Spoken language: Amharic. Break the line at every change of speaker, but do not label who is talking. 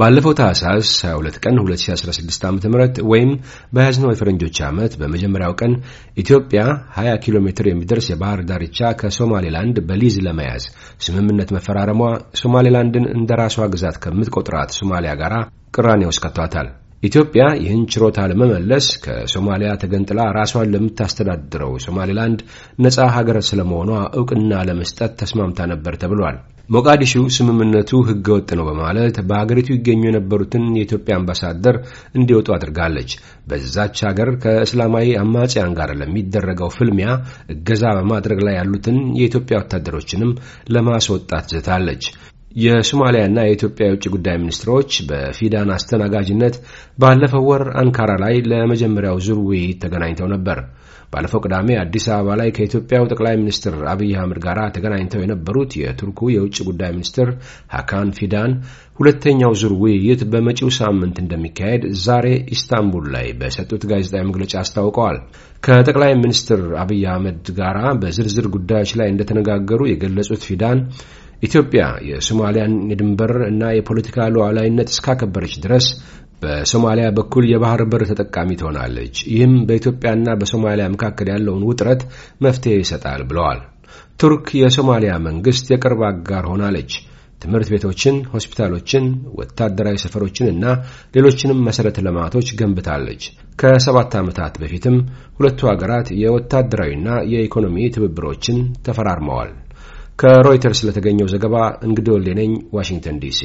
ባለፈው ታህሳስ 22 ቀን 2016 ዓ ም ወይም በያዝነው የፈረንጆች ዓመት በመጀመሪያው ቀን ኢትዮጵያ 20 ኪሎ ሜትር የሚደርስ የባህር ዳርቻ ከሶማሌላንድ በሊዝ ለመያዝ ስምምነት መፈራረሟ ሶማሌላንድን እንደ ራሷ ግዛት ከምትቆጥራት ሶማሊያ ጋር ቅራኔ ውስጥ ከቷታል። ኢትዮጵያ ይህን ችሮታ ለመመለስ ከሶማሊያ ተገንጥላ ራሷን ለምታስተዳድረው ሶማሊላንድ ነጻ ሀገር ስለመሆኗ እውቅና ለመስጠት ተስማምታ ነበር ተብሏል። ሞቃዲሹ ስምምነቱ ወጥ ነው በማለት በሀገሪቱ ይገኙ የነበሩትን የኢትዮጵያ አምባሳደር እንዲወጡ አድርጋለች። በዛች ሀገር ከእስላማዊ አማጽያን ጋር ለሚደረገው ፍልሚያ እገዛ በማድረግ ላይ ያሉትን የኢትዮጵያ ወታደሮችንም ለማስወጣት ዘታለች። የሶማሊያና የኢትዮጵያ የውጭ ጉዳይ ሚኒስትሮች በፊዳን አስተናጋጅነት ባለፈው ወር አንካራ ላይ ለመጀመሪያው ዙር ውይይት ተገናኝተው ነበር። ባለፈው ቅዳሜ አዲስ አበባ ላይ ከኢትዮጵያው ጠቅላይ ሚኒስትር አብይ አህመድ ጋር ተገናኝተው የነበሩት የቱርኩ የውጭ ጉዳይ ሚኒስትር ሀካን ፊዳን ሁለተኛው ዙር ውይይት በመጪው ሳምንት እንደሚካሄድ ዛሬ ኢስታንቡል ላይ በሰጡት ጋዜጣዊ መግለጫ አስታውቀዋል። ከጠቅላይ ሚኒስትር አብይ አህመድ ጋር በዝርዝር ጉዳዮች ላይ እንደተነጋገሩ የገለጹት ፊዳን ኢትዮጵያ የሶማሊያን የድንበር እና የፖለቲካ ሉዓላዊነት እስካከበረች ድረስ በሶማሊያ በኩል የባህር በር ተጠቃሚ ትሆናለች። ይህም በኢትዮጵያና በሶማሊያ መካከል ያለውን ውጥረት መፍትሄ ይሰጣል ብለዋል። ቱርክ የሶማሊያ መንግስት የቅርብ አጋር ሆናለች። ትምህርት ቤቶችን፣ ሆስፒታሎችን፣ ወታደራዊ ሰፈሮችን እና ሌሎችንም መሠረተ ልማቶች ገንብታለች። ከሰባት ዓመታት በፊትም ሁለቱ አገራት የወታደራዊና የኢኮኖሚ ትብብሮችን ተፈራርመዋል። ከሮይተርስ ለተገኘው ዘገባ እንግዲህ ወልዴ ነኝ ዋሽንግተን ዲሲ